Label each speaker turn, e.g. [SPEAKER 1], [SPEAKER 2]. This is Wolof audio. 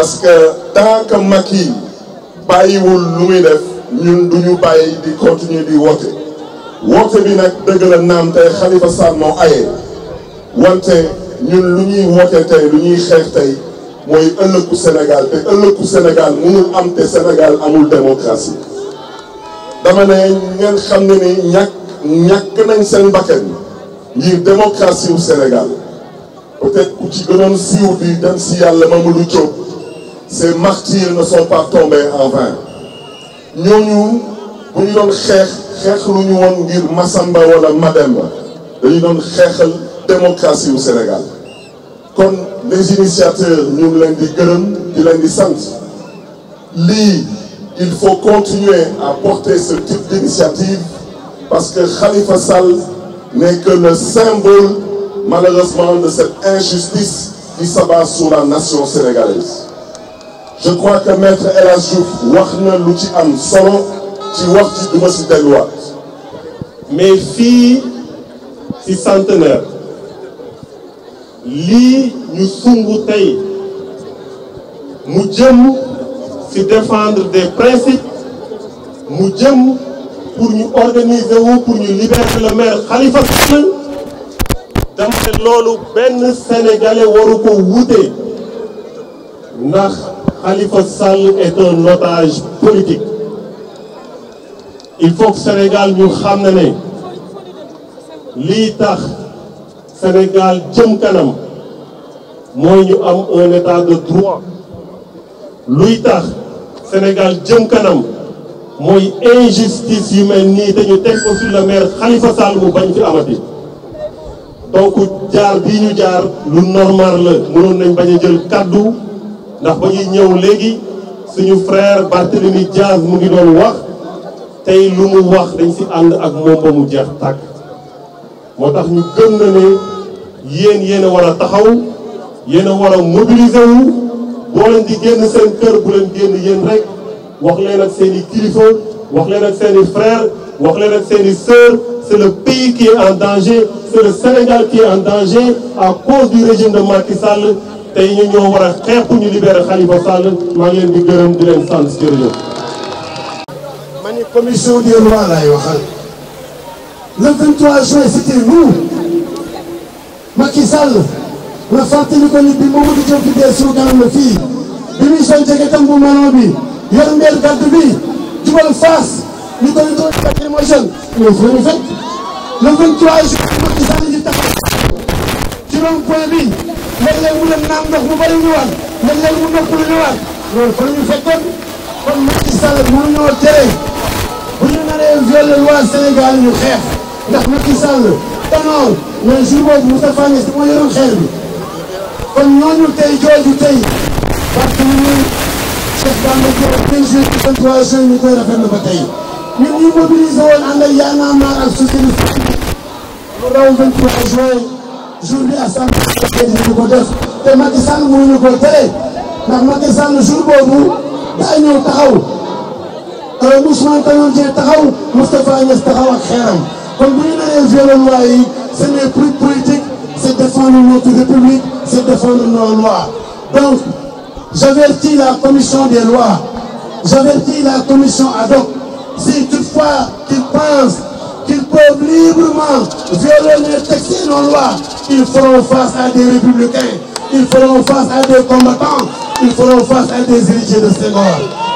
[SPEAKER 1] parce que tant que Macky bàyyiwul lu muy def ñun du bàyyi di continuer di woote woote bi nag dëgg naam tey Khalifa Sall aye wante ñun lu ñuy woote tey lu ñuy xeex tey mooy ëllëgu Sénégal te ëllëgu Sénégal mënul am te Sénégal amul démocratie dama ne ngeen xam ne ni ñàkk ñàkk nañ seen bakkan ngir démocratie wu Sénégal peut ku ci gënoon siiw bi dem si yàlla Mamadou Diop ces martyrs ne sont pas tombés en vain ñooñu bu ñu doon xeex xeexlu ñu woon ngir Masamba wala Mademba dañu doon xeexal démocratie Sénégal kon les initiateurs ñu ngi leen di gërëm di leen di sant lii il faut continuer à porter ce type d'initiative parce que Khalifa Sall n'est que le symbole malheureusement de cette injustice qui s'abat sur la nation je crois que maître El Hadj Diouf wax na lu ci am solo ci
[SPEAKER 2] wax du ma si delluwaat mais fii ci centenaire lii ñu sumb tey mu jëm ci défendre de principes mu jëm pour ñu organiser wu pour ñu libérer le maire Khalifa Sall loolu benn sénégalais waru ko wute ndax Khalifa Sall est un otage il faut Sénégal ñu xam ne ne lii tax Sénégal jëm kanam mooy ñu am un état de droit luy tax Sénégal jëm kanam mooy injustice yu mel nii te ñu teg ko sur le maire Khalifa Sall mu bañ fi amati donc jaar bii ñu jaar lu normal la mënoon nañ bañ a jël kaddu. ndax ba ñuy ñëw léegi suñu frère Barthélémy Diaz mu ngi doon wax tey lu mu wax dañ si ànd ak moom mu jeex tàkk moo tax ñu gëm na ne yéen yéen a war taxaw yéen a war a mobiliser wu boo leen di génn seen kër bu leen génn yéen rek wax leen ak seen i wax leen ak seen i wax leen ak seen i sœur c'est le pays qui est en danger c'est le Sénégal qui en danger à cause du régime de Macky Sall tey ñu ñoo war a xeex ñu libérer Khalifa Sall maa ngi leen di gërëm di leen sant jërëjëf. ma ne a
[SPEAKER 3] des lois laay waxal. le 23 juin c'était nous. Macky Sall. la fàttali ko nit bi Mamadou Diop di dee surgaam la fii. bi muy sol jegetam bu melon bi. yor mbir gàdd bi. jubal faas. ñu koy doon lacrymogène. mais fu ñu fekk. le 23 juin Macky Sall di taxaw. ci rond point bi. léeg-léeg mu dem naan ndox bu bëri ñëwaat léeg-léeg mu noppalu ñëwaat loolu fa la ñu fekkoon kon Macky Sall mënuñoo tere bu ñu naree violer loi Sénégal ñu xeex ndax Macky Sall Tanor mais jour boobu Moustapha Niass moo yoroon xeex bi kon ñooñu tey jooju tey parce que ñun Cheikh Bamba Diop président de la coalition ñu koy rafetlu ba tey ñun ñu mobilisé woon ànd ak Y'en a marre ak socialiste bu raw 23 juin journée assemblée bi ñu ko def te Macky Sall mënuñu ko tere ndax Macky Sall jour boobu daa ñëw taxaw euh, Ousmane Tanor Dieng taxaw Moustapha Niass taxaw ak xeeram kon bu ñu nee violon loi yi ce n'est plus politique c'est défendre notre république c'est défendre donc j'avertis la commission des lois j'avertis la commission ad hoc si toutefois qu'ils pensent qu'ils peuvent librement violer les textes et nos lois. Ils feront face à des républicains, ils feront face à des combattants, ils feront face à de Senghor.